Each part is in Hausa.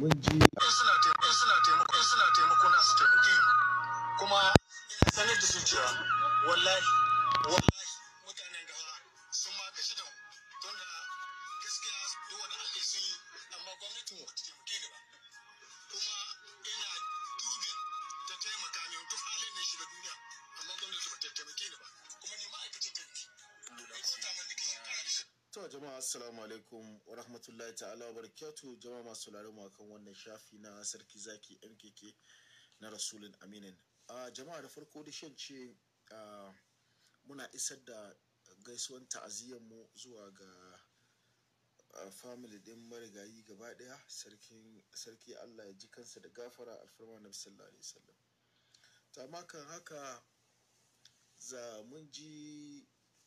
mun ji na su kuma ina sanar da su cewa wallahi To jama'a assalamu alaikum wa rahmatullahi ta'ala wa barakatu jama'a masu mu akan wannan shafi na sarki zaki MKK na rasulun aminin. a jama'a da farko da shan ce muna isar da gaisuwan mu zuwa ga family din marigayi gaba daya sarki Allah ya ji kansa da gafara alfarma na sallallahu alaihi wasallam. Ta kan haka za mun ji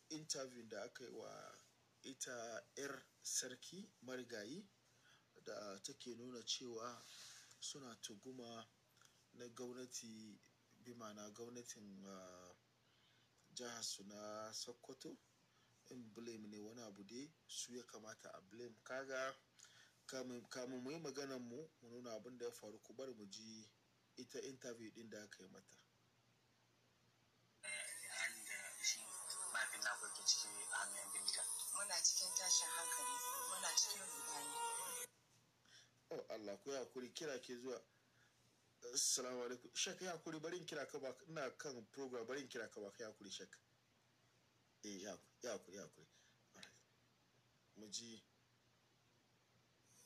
interview da aka yi wa ita 'yar sarki marigayi da take nuna cewa suna tuguma na gwamnati bimana gwamnatin ah, jihar na sokoto in blame ne wani abu dai su ya kamata a blame kaga kamun mu yi maganan mu mu nuna abin da ya faru ku bari mu ji ita interview ɗin da aka yi mata Allah ku hakuri kira ke zuwa assalamu alaikum shek ya hakuri barin kira ka ba ina kan program barin kira ka ba ya hakuri shek eh ya ya hakuri ya hakuri mu ji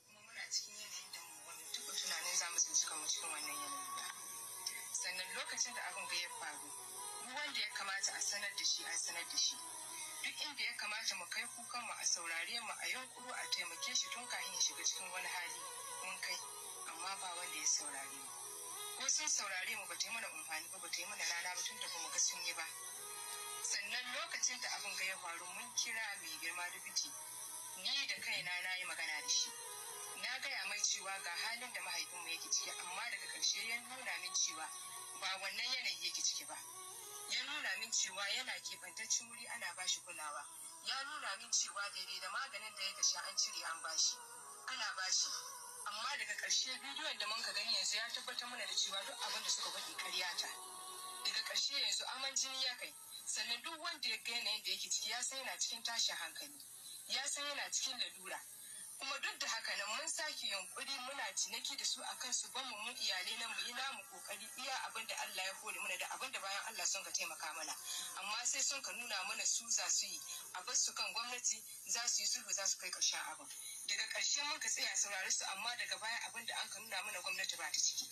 muna cikin yanayin da mu wani duk tunanin za mu tsinci mu cikin wannan yanayin ba sannan lokacin da abin ga ya faru wanda ya kamata a sanar da shi a sanar da shi duk inda ya kamata mu kai kukan mu a saurare mu a yankuru a taimake shi tun kafin shiga cikin wani hali mun kai amma ba wanda ya saurare mu ko sun saurare mu ba ta yi mana umfani ba ba ta yi mana rana ba tun da kuma ga sun yi ba sannan lokacin da abin ga ya faru mun kira mai girma rubuci ni da kaina na yi magana da shi na gaya mai cewa ga halin da mahaifinmu yake ciki amma daga ƙarshe ya nuna min cewa ba wannan yanayi yake ciki ba ya nuna min cewa yana keɓantaccen wuri ana ba shi kulawa ya nuna min cewa daidai da maganin da ya sha an cire an bashi ana bashi amma daga ƙarshe bidiyon da muka gani yanzu ya tabbatar mana da cewa duk abin da suka faɗi ƙarya ta daga karshe yanzu aman jini ya kai sannan duk wanda ya ga yanayin da yake ciki ya san yana cikin tashin hankali ya san yana cikin lalura kuma duk da haka nan mun sake yunkuri muna ciniki da su akan su ban mu iyalai na mu yi namu kokari iya abin da Allah ya hore mana da abin da bayan Allah sun ka taimaka mana amma sai sun ka nuna mana su za su yi a bar su kan gwamnati za su yi sulhu za su kai karshen abin daga karshe mun ka tsaya saurare su amma daga baya abin da an ka nuna mana gwamnati ba ta ciki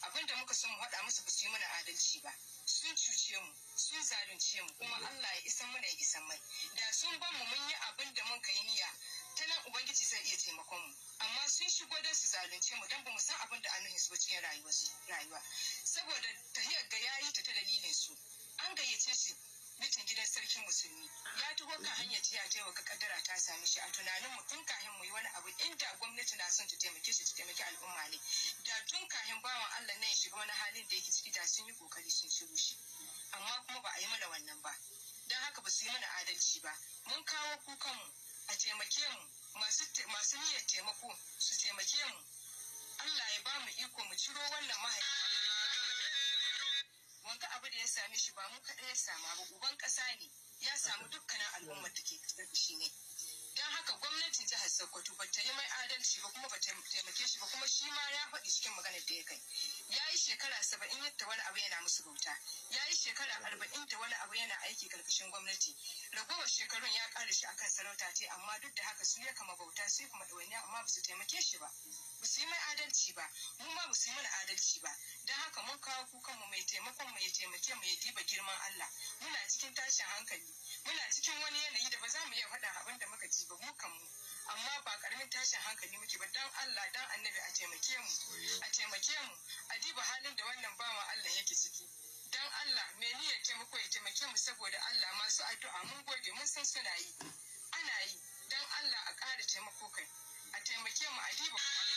abin da muka san mu haɗa musu ba su yi mana adalci ba sun cuce mu sun zalunce mu kuma Allah ya isa mana ya isan mai da sun ban mu mun yi abin da mun ka yi niyya tana ubangiji zai iya taimakon mu amma sun shigo don su zalunce mu don mu san abin da nuhin su cikin rayuwa saboda tahiyar ga yayi ta ta dalilin su an gayyace shi mitin gidan sarkin musulmi ya taho kan hanyar jiya ta yau ga kaddara ta sami shi a tunanin mu tun kahin mu yi wani abu inda gwamnati na son ta taimake shi ta taimake al'umma ne da tun kahin bawan Allah na ya shiga wani halin da yake ciki da sun yi kokari sun shiru shi amma kuma ba a yi mana wannan ba don haka ba su yi mana adalci ba mun kawo kukanmu a taimake mu masu niyyar taimako su taimake mu Allah ya ba mu iko mu ciro wannan mahaifa wanga abu da ya sami shi ba mu kaɗai ya sama ba uban ƙasa ne ya samu dukkanin al'ummar da ke shi ne haka gwamnatin jihar sokoto ba ta yi mai adalci ba kuma ba ta taimake shi ba kuma shi ma ya faɗi cikin maganar da ya kai ya yi shekara saba'in yadda wani abu yana musu bauta ya yi shekara arba'in da wani abu yana aiki karkashin gwamnati ragowar shekarun ya ƙara shi akan sarauta ce amma duk da haka su ya kama bauta su kuma ɗawainiya amma ba su taimake shi ba ba su yi mai adalci ba mu ma su mana adalci ba don haka mun kawo kukan mu mai taimakon mu ya taimake mu ya diba girman Allah muna cikin tashin hankali muna cikin wani yanayi da ba za mu iya faɗa abin da muka ji ba mu kan mu amma ba karamin tashin hankali muke ba don Allah don annabi a taimake mu a taimake mu a diba halin da wannan bawa Allah yake ciki don Allah me ni ya taimako ya taimake mu saboda Allah masu addu'a mun gode mun san suna yi ana yi don Allah a ƙara taimako kai a taimake mu a diba Allah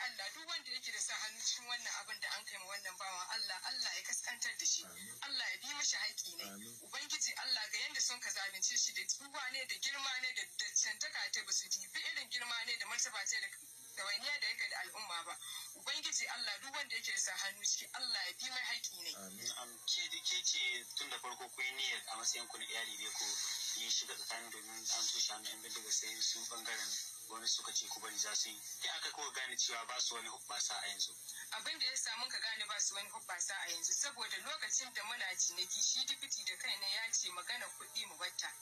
Allah duk wanda yake da sa hannu cikin wannan abin da an kai ma wannan bawan Allah Allah ya kaskantar da shi Allah ya bi mashi haƙi ne ubangiji Allah ga yanda sun ka zalunce shi da tsuwa ne da girma ne da daccantaka ta basu dibi irin girma ne da martaba ta da ɗawainiya da yake da al'umma ba ubangiji Allah duk wanda yake sa hannu ciki Allah ya bi mai haƙi ne ke ke ce tun da farko ku yi niyyar a matsayin ku na iyali ne ko yin shiga tsakanin domin an tushe hannu yan bindiga sai su bangaren gwamnati suka ce ku za su yi aka gane cewa ba su wani hubbasa a yanzu abin da ya samu ka gane ba su wani hubbasa a yanzu saboda lokacin da muna ciniki shi dikiti da kai kaina ya ce magana kuɗi mu batta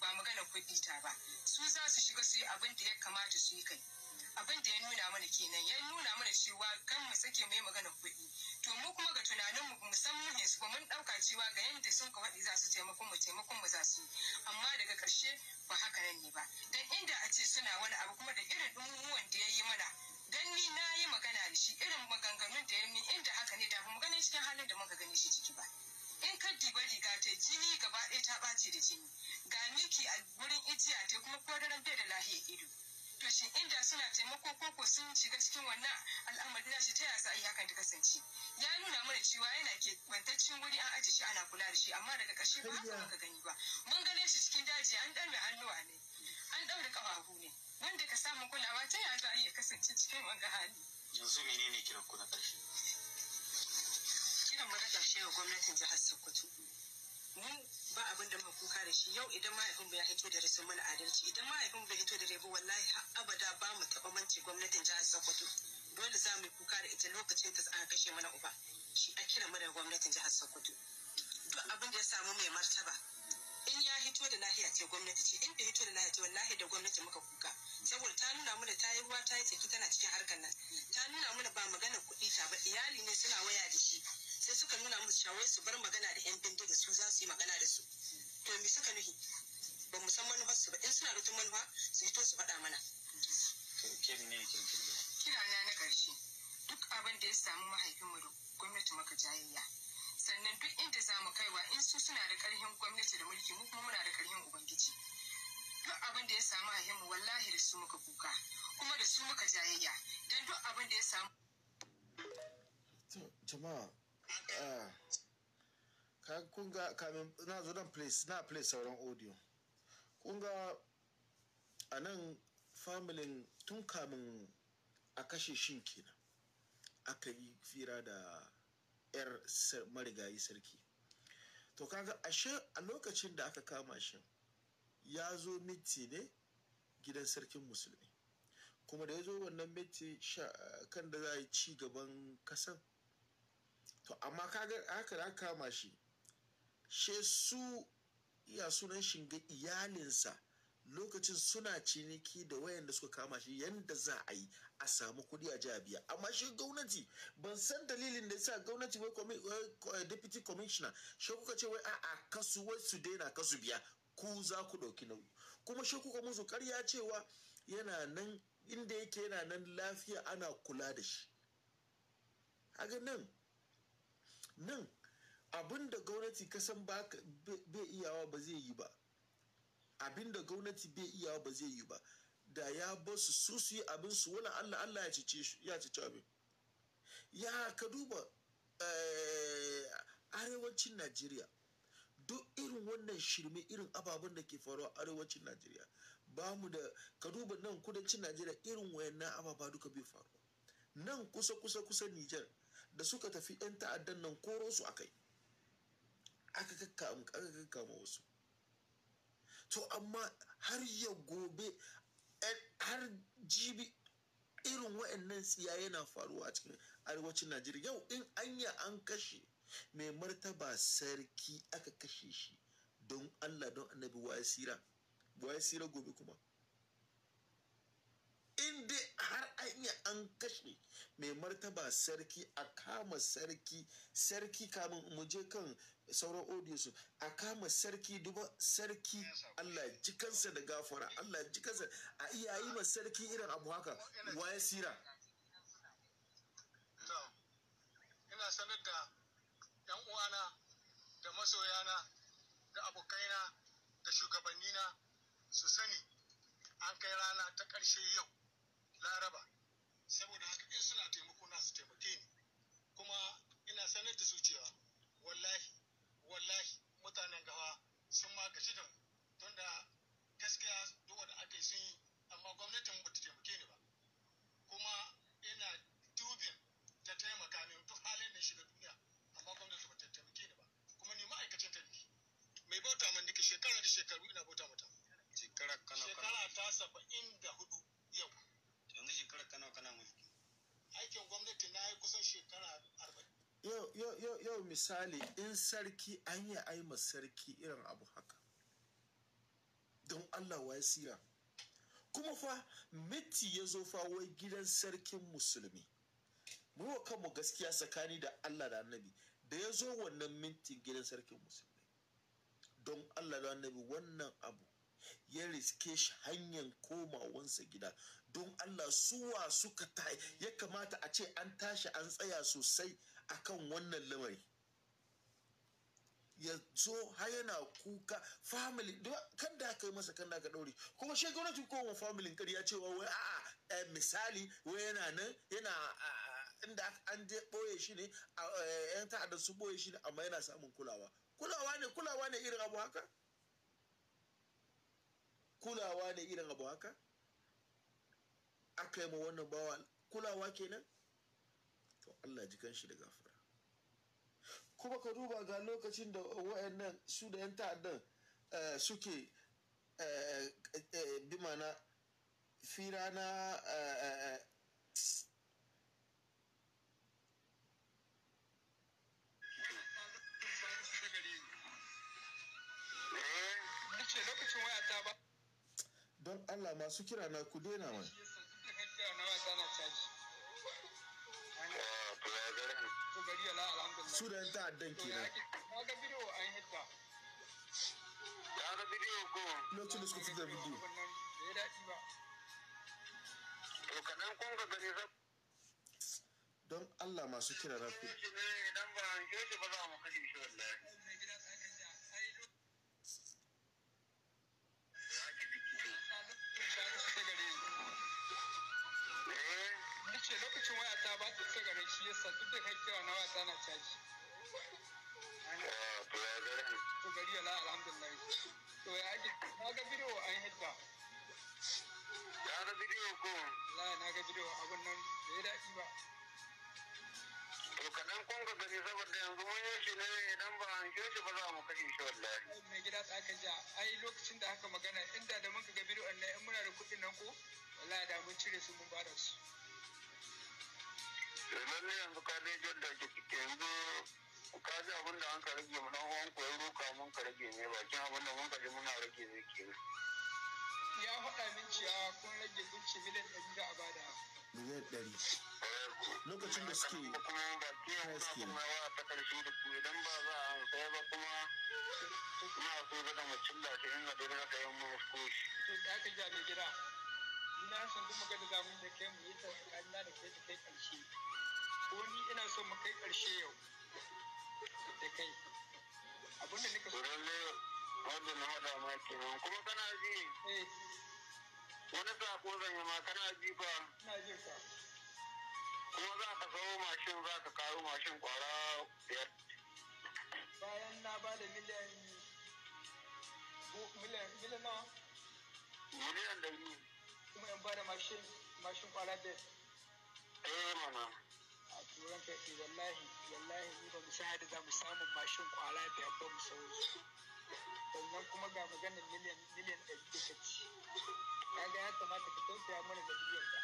ba magana kuɗi ta ba su za su shiga su yi abin da ya kamata su yi kai abin da ya nuna mana kenan ya nuna mana cewa kan mu sake mai magana kuɗi to mu kuma ga tunanin mu musamman su ba mun ɗauka cewa ga yadda sun ka faɗi za su taimakon mu taimakon mu za su amma daga ƙarshe ba haka nan ne ba dan inda a ce suna wani abu kuma da irin ɗumuwan da ya yi mana dan ni na yi magana da shi irin maganganun da ya yi inda haka ne da mu cikin halin da muka gani shi ciki ba in ka diba riga ta jini gaba ɗaya ta ɓace da jini ga miki a wurin ijiya ta kuma ko daren bai da lahiyar ido to inda suna taimako ko ko sun shiga cikin wannan al'amari na shi ta yasa ai hakan ta kasance ya nuna mana cewa yana ke kwantaccen wuri an ajiye shi ana kula da shi amma daga ƙarshe ba haka muka gani ba mun gane shi cikin daji an ɗaure hannuwa ne an ɗaure ƙafafu ne wanda ka samu kulawa ta yaya za a iya kasance cikin wanga hali yanzu menene kiran ku na ƙarshe kiran mu na ƙarshe ga gwamnatin jihar Sokoto mun abin da muka kuka da shi yau idan mahaifinmu ya hito da rasu mana adalci idan mahaifinmu bai hito da rebu wallahi har abada ba mu taɓa mance gwamnatin jihar Sokoto dole za mu yi kuka da ita lokacin ta aka kashe mana uba shi a kira mana gwamnatin jihar Sokoto duk abin da ya samu mai martaba in ya hito da lahiya ce gwamnati ce in bai hito da lahiya ce wallahi da gwamnati muka kuka saboda ta nuna mana ta yi ruwa ta yi tsaki tana cikin harkar nan ta nuna mana ba magana kuɗi ta ba iyali ne suna waya da shi sai suka nuna musu shawai su bar magana da yan bindiga su za su yi magana da su to me suka nuhi ba mu san manufar su ba in suna rutun manufa su yi to su faɗa mana kira na na ƙarshe duk abin da ya samu mahaifinmu da gwamnati maka jayayya sannan duk inda za mu kaiwa in su suna da ƙarfin gwamnati da mulki mu kuma muna da ƙarfin ubangiji duk abin da ya samu haihinmu wallahi da su muka kuka kuma da su muka jayayya don duk abin da ya samu jama'a Eh, ka kunga kamin na zo nan place na play sauran audio kunga a nan familin tun kamin a kashe shin kenan aka yi fira da yar marigayi sarki to kaga ashe a lokacin da aka kama shi ya zo miti ne gidan sarkin musulmi kuma da ya zo wannan miti kan da za a yi ci gaban kasan to amma kaga haka da kama shi she su iya sunan shinga iyalinsa lokacin suna ciniki da wayanda suka kama shi yanda za a yi a samu kudi a jiya biya amma shi gwamnati ban san dalilin da yasa gwamnati wai eh, deputy commissioner shi kuka ce wai a'a kasu wai su daina kasu biya ku za ku ɗauki nauyi kuma shi kuka musu karya cewa yana nan inda yake yana nan lafiya ana kula da shi a nan nan abin da gwamnati kasan bai iyawa ba zai yi ba abin da gwamnati bai iyawa ba zai yi ba da ya ba su su su yi abin su wani allah allah ya shi ya cece abin ya ka duba eh, arewacin najeriya duk irin wannan shirme irin ababen da ke faruwa arewacin najeriya ba mu da ka duba nan kudancin najeriya irin wayannan ababa duka bai faruwa nan kusa kusa kusa nijar da suka tafi 'yan ta'addan nan koro su a kai aka kakkama wasu to amma har ya gobe eh, har jibi irin wa'annan tsiya yana faruwa a cikin arewacin najeriya yau in anya an kashe mai martaba sarki aka kashe shi don allah don annabi waye sira gobe kuma in dai har anya an kashe mai martaba sarki a kama sarki sarki kamun mu je kan sauran audiyosu a kama sarki duba sarki Allah jikansa da gafara Allah jikansa a iya yi ma sarki irin abu haka waye sira ina sanar da yan uwana da masoyana da abokaina da shugabannina su sani an kai rana ta ƙarshe yau laraba saboda haka in suna taimako na su taimake ni kuma ina sanar da su cewa wallahi wallahi mutanen gawa sun magaci da tunda yau misali in sarki an yi aima sarki irin abu haka don allah wa sira kuma fa miti ya zo fa wai gidan sarkin musulmi Mun wa kanmu gaskiya tsakani da allah da annabi da ya zo wannan minti gidan sarkin musulmi don allah da annabi wannan abu ya riske shi hanyar komawansa gida don Allah suwa suka ta ya kamata a ce an tashi an tsaya sosai akan wannan lamari ya zo har yana kuka family kan da aka yi masa kan da aka ɗaure kuma shi gwamnati ko wa family ce cewa wai a'a eh, misali wai yana nan yana inda an je ɓoye shi ne eh, yan ta'adda su ɓoye shi ne amma yana samun kulawa kulawa ne kulawa ne irin abu haka kulawa ne irin abu haka aka yi ma wannan bawa kulawa kenan to Allah ji kanshi da gafara kuma ka duba ga lokacin da wayannan su da yan ta'addan eh, suke eh, eh, bimana fira na don Allah masu kira na ku dena mai gari ala alhamdulillah su kenan ya ga lokacin da suka bidiyo don Allah masu kira rafi idan ba an ba za mu kashe lokacin waya ta ba ta iska gare shi yasa duk da kai kira na waya ta na caji ah, to gari ya la alhamdulillah to ya ake na ga bidiyo an hidda ya ga bidiyo ko la na ga bidiyo abun nan da ya daɗi ba to kaɗan kun ga gani saboda yanzu mun yi shi ne idan ba an shi shi ba za mu kashe shi wallahi mai gida ta aka ja ai lokacin da haka magana inda da muka ga bidiyon nan in muna da kuɗin nan ko wallahi da mun cire su mun da su yanzu ka dai da ke yanzu ka ji abin da an ka rage mu dan uwan ko ya roka mun ka rage ne bakin abin da mun ka ji muna rage ne ke ya faɗa min cewa kun rage zuci miliyan ɗari da abada. miliyan ɗari eh, lokacin da suke kuma ba ke suke kuma wa ta karshe da ku idan ba za a saya ba kuma ina so ga da mutum da ta inga dole ka yi mu koshi to da aka ja mai gida ina san duk magana da mun da kai mu yi ta kanna da kai ta kai ƙarshe. ko ni ina son mu kai ƙarshe yau da kai abin da nika so wanda na hada ma kenan kuma kana ji eh. wani sako zan yi ma kana ji ba kuma za ka sayo mashin za ka karo mashin kwara biyar bayan na ba da miliyan miliyan miliyan nawa miliyan da biyu kuma in ba da mashin mashin kwara biyar eh mama ran daɗi wallahi wallahi ni ba mu sa za mu samu mashin kwara biyar ba mu sauransu sannan kuma ga maganar miliyan miliyan ɗari da ka ci kaga ya kamata ka tausaya mana da miliyan ɗaya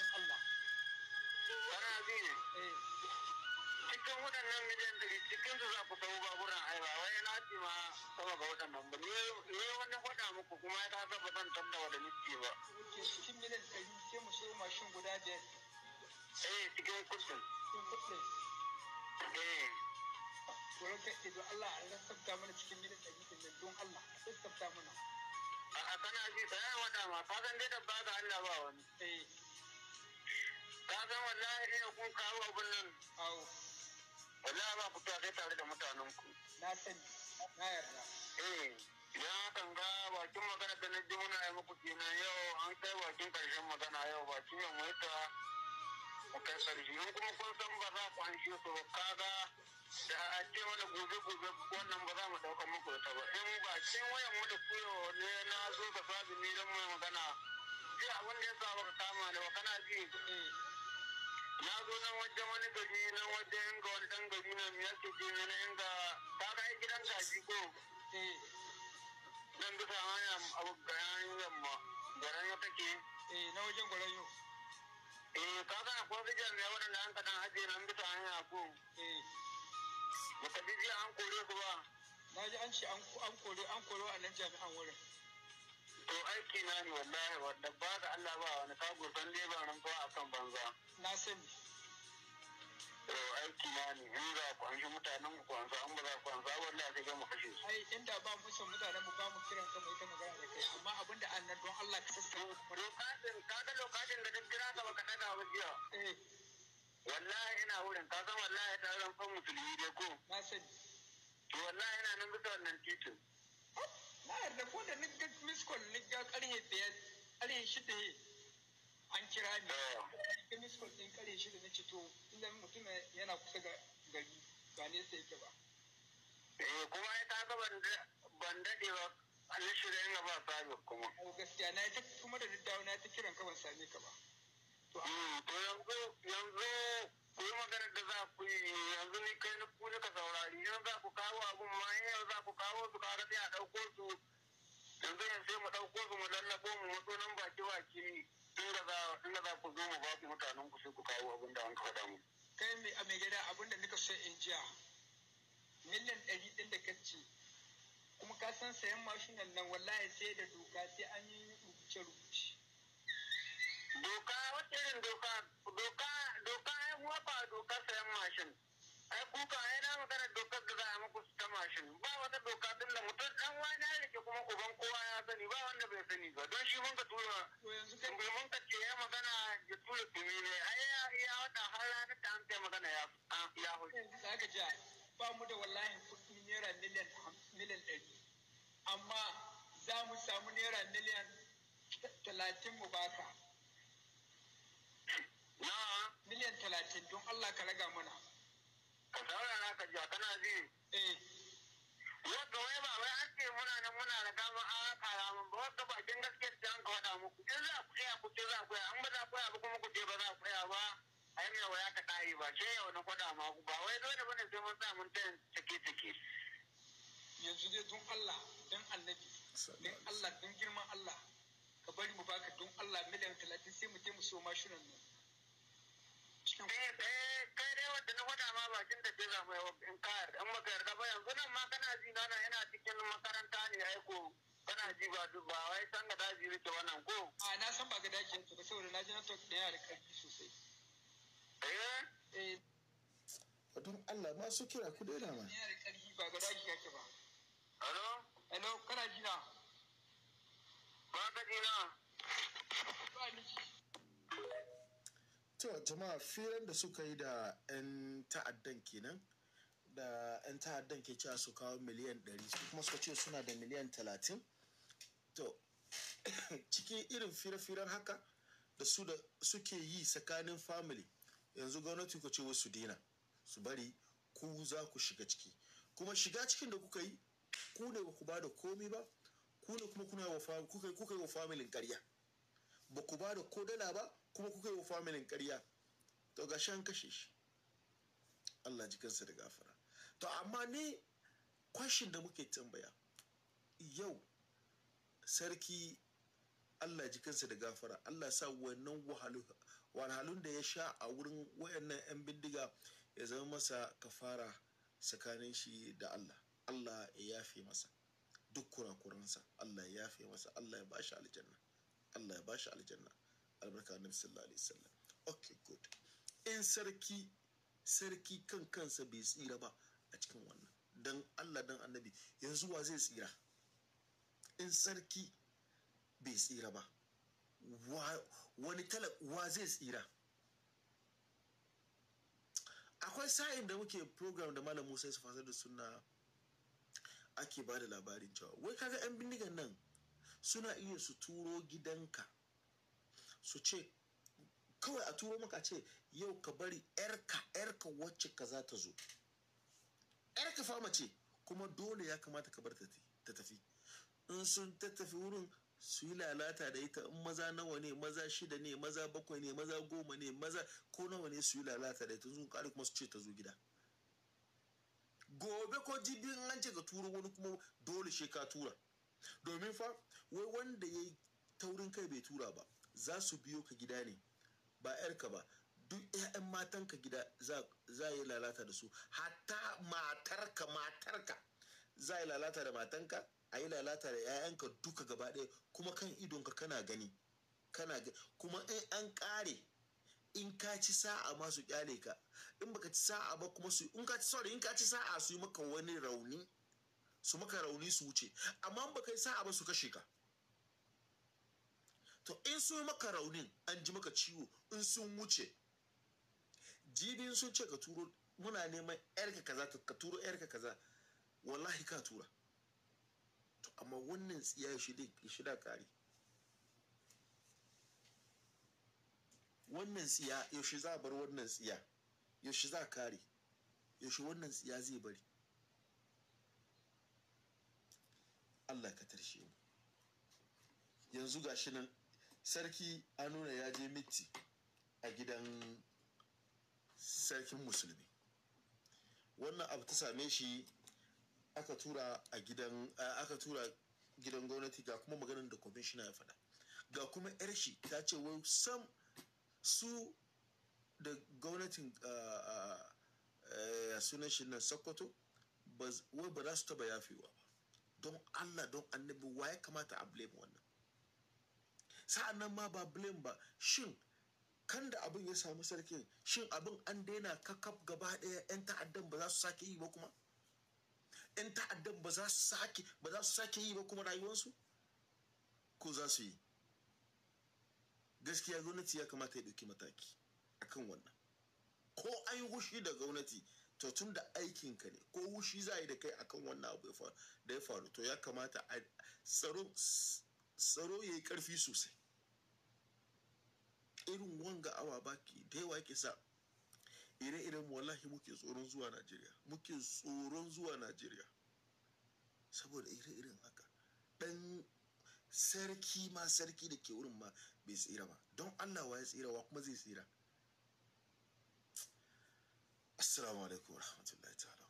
don Allah. Bara Azini. Eh. Cikin waɗannan miliyan ɗari cikin su za ku sau baburan ai ba wai na ci ma sama ga waɗannan ba ne wani faɗa muku kuma ya ta ba zan wa da miki ba. Cikin miliyan ɗari sai mu sayo mashin guda biyar. Eh cikin kusin. cikin eh. kudin wurin ka ce don Allah a lissafta mana cikin gidan da gidan da don Allah a lissafta mana a kana wata ma ka san dai da ba ga Allah ba wani eh. ka san wallahi ina kun kawo abun nan wallahi ba ku tafi tare da mutanen ku na sani na yarda eh idan hakan ga bakin magana da na ji muna yi muku kenan yau an kai bakin karshen magana yau bakin mai ta kai sarki in kuma kun san ba za ku an shi su kaga da a ce wani gobe gobe wannan ba za mu ɗaukar muku ta ba in ba cin wayan mu da kuyo ne na zo ka sabi ni don mu magana ji abin da ya sa baka kama da ba kana ji na zo nan wajen wani gari nan wajen ga wani dan gari nan ya ke ce na inda ka. kai gidan kaji ko nan bisa hanyar abu garan yamma garan ya take eh na wajen gwaran yau eh ka ga ko bijan ne waɗanda an kaɗan haje nan bisa hanya ko eh ba ka bijiya an kore ku ba na ji an ce an kore an kore wa'annan jami'an wurin to aiki na ne wallahi wadda ba da Allah ba wani ka gurban leban nan ba akan banza na sani to aiki na ne in za ku an shi mutanen ku an za ba za ku an za wallahi sai mu kashe su ai inda ba mu san mutanen mu ba mu kiran kamar ita mu ka tattaro ka da kira ka baka daga ba jiya wurin wallahi musulmi wannan titin na yarda da ce to inda mutum kusa ga ba eh kuma ya ta ga ban daɗe ba Allah shi da ina ba sabis kuma. Gaskiya na ta kuma da dawo na ta kiran kawai ban same ka ba. To hmm, yanzu yanzu ku yi maganar da za ku yi yanzu ni kai na ku ka saurari yanzu za ku kawo abun ma yanzu za ku kawo su ka sai a ɗauko su yanzu yanzu sai mu ɗauko su mu lallabo mu matso nan baki baki inda za inda za ku zo mu ba ku mutanen ku sai ku kawo abun da an ka faɗa mu. Kai mai a mai gida abun da nika so in jiya miliyan ɗari ɗin da kacce kuma ka san sayan mashinan nan wallahi sai da doka sai an yi rubuce rubuce doka wata irin doka doka doka ya wafa doka sayan mashin ai kuka ai na magana dokar da za a muku ta mashin ba wata doka din da mutum dan wani ya rike kuma uban kowa ya sani ba wanda bai sani ba don shi mun ka tura mun ka ce ya magana ya tura kuma ne ai ya ya wata har ranar da an kai magana ya ya ja, ba mu da wallahi naira miliyan miliyan ɗari amma za mu samu naira miliyan talatin mu baka miliyan talatin don Allah ka raga mana ka saurara ka jiya kana ji eh wadda wai ba wai an ce muna nan muna da damar an kara mun ba wanda bakin gaskiyar da an ka faɗa muku in za ku tsaya ku za ku tsaya an ba za ku tsaya ba kuma ku je ba za ku tsaya ba ai me waya ka yi ba sai yau na kwada ma ba wai dole bane sai mun sa mun tayin take take yanzu dai don Allah dan annabi dan Allah dan girman Allah ka bari mu baka don Allah miliyan talatin sai mu je mu so mashinan nan eh, eh, kai dai wanda na faɗa ma bakin da jira mai in kayar in maka yarda ba yanzu nan ma kana ji na yana cikin makaranta ne aiko kana ji ba ba wai san ga daji rike wannan ko a na san ba ga daji ba saboda na ji na talk da yana da ƙarfi sosai eh, eh. don Allah ma kira ku daina ma yana da ba ga daji kake ba hello hello kana jina ba ka jina ba ni to jama'a firan da suka yi da 'yan ta'addan kenan da 'yan ta'addan ke cewa su kawo miliyan 100 su kuma suka ce suna da miliyan 30 to cikin irin fira firar haka da su da suke yi tsakanin family yanzu gwamnati ku ce wai su dina su bari ku za ku shiga ciki kuma shiga cikin da kuka yi ku ne ba ku ba da komi ba ku ne kuma kuna wa kuka kuka yi wa familin ƙarya ba ku ba da ko dala ba kuma kuka yi wa familin ƙarya to ga shan kashe shi Allah ji kansa da gafara to amma ne kwashin da muke tambaya yau sarki Allah ji kansa da gafara Allah sa wannan walhalun da ya sha a wurin wayannan 'yan bindiga ya zama masa kafara tsakanin shi da Allah Allah ya yafe masa duk kurakuransa Allah ya yafe masa Allah ya bashi aljanna Allah ya bashi aljanna albarka annabi sallallahu alaihi wasallam okay good in sarki sarki kan kansa bai tsira ba a cikin wannan dan Allah dan annabi yanzu wa zai tsira in sarki bai tsira ba wani wa zai tsira akwai sa'in da muke program da malam musa su fasar da suna ake ba da labarin cewa wai kaga 'yan bindigan nan suna iya su turo gidanka su ce kawai a turo maka ce yau ka bari 'yarka 'yarka wacce ka za ta zo 'yarka fama ce kuma dole ya kamata ka bar ta tafi in sun tattafi wurin su lalata da ita in maza nawa ne maza shida ne maza bakwai ne maza goma ne maza ko nawa ne su yi lalata da ita sun kare kuma su ce ta zo gida gobe ko jibi in an ce ka turo wani kuma dole shi ka tura domin fa wai wanda ya yi taurin kai bai tura ba za su biyo ka gida ne ba yarka ba duk 'ya'yan matanka gida za yi lalata da su hatta matarka matarka za yi lalata da matanka a yi lalata da ka duka gaba ɗaya kuma kan idonka kana gani kana kuma in an ƙare in ka ci sa'a ma su ƙyale ka in baka ci sa'a ba kuma su in ka ci sorry in ka ci sa'a su yi maka wani rauni su maka rauni su wuce amma in baka yi sa'a ba su kashe ka to in sun yi maka raunin an ji maka ciwo in sun wuce jibin sun ce ka turo muna neman yarka kaza ka turo yarka kaza wallahi ka tura amma wannan tsiya shi da kare wannan tsiya yaushe za a bar wannan tsiya yaushe za a kare yaushe wannan tsiya zai bari Allah ka tarshe mu yanzu ga shi nan sarki an nuna ya je miti a gidan sarkin musulmi wannan abu ta same shi aka tura a gidan aka tura gidan gwamnati ga kuma maganar da kwamishina ya faɗa ga kuma yar shi ta ce wai sam su da gwamnatin sunan shi na sokoto wai ba za su taba yafe ba don allah don annabi wa ya kamata a blame wannan sa'an nan ma ba blame ba shin kan da abin ya samu sarkin shin abin an daina kakaf gaba ɗaya 'yan ta'addan ba za su sake yi ba kuma 'yan ta'addan ba za su sake ba za su sake yi ba kuma rayuwarsu ko za su yi gaskiya gwamnati ya kamata ya ɗauki mataki akan wannan ko an yi hushi da gwamnati to tun da aikinka ne ko hushi za a yi da kai akan wannan abu da ya faru to ya kamata a tsaro ya yi ƙarfi sosai irin wanga awa baki da yawa ke sa ire-iren wallahi muke tsoron zuwa najeriya muke tsoron zuwa najeriya saboda ire-iren haka dan sarki ma sarki da ke wurin ma bai tsira ba don allah wa ya tsira wa kuma zai tsira assalamu alaikum warahmatullahi ta'ala